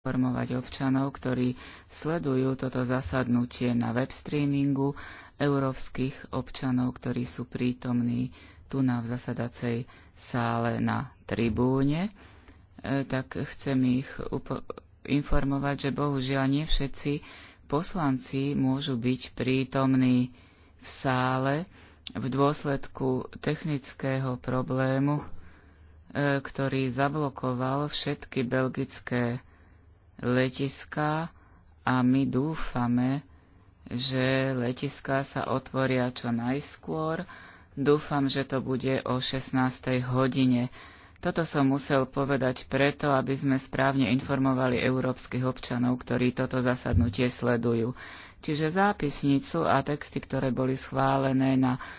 informovať občanov, ktorí sledujú toto zasadnutie na web streamingu európskych občanov, ktorí sú prítomní tu na v zasadacej sále na tribúne, e, tak chcem ich informovať, že bohužiaľ nie všetci poslanci môžu byť prítomní v sále v dôsledku technického problému, e, ktorý zablokoval všetky belgické letiská a my dúfame, že letiská sa otvoria čo najskôr. Dúfam, že to bude o 16. hodine. Toto som musel povedať preto, aby sme správne informovali európskych občanov, ktorí toto zasadnutie sledujú. Čiže zápisnicu a texty, ktoré boli schválené na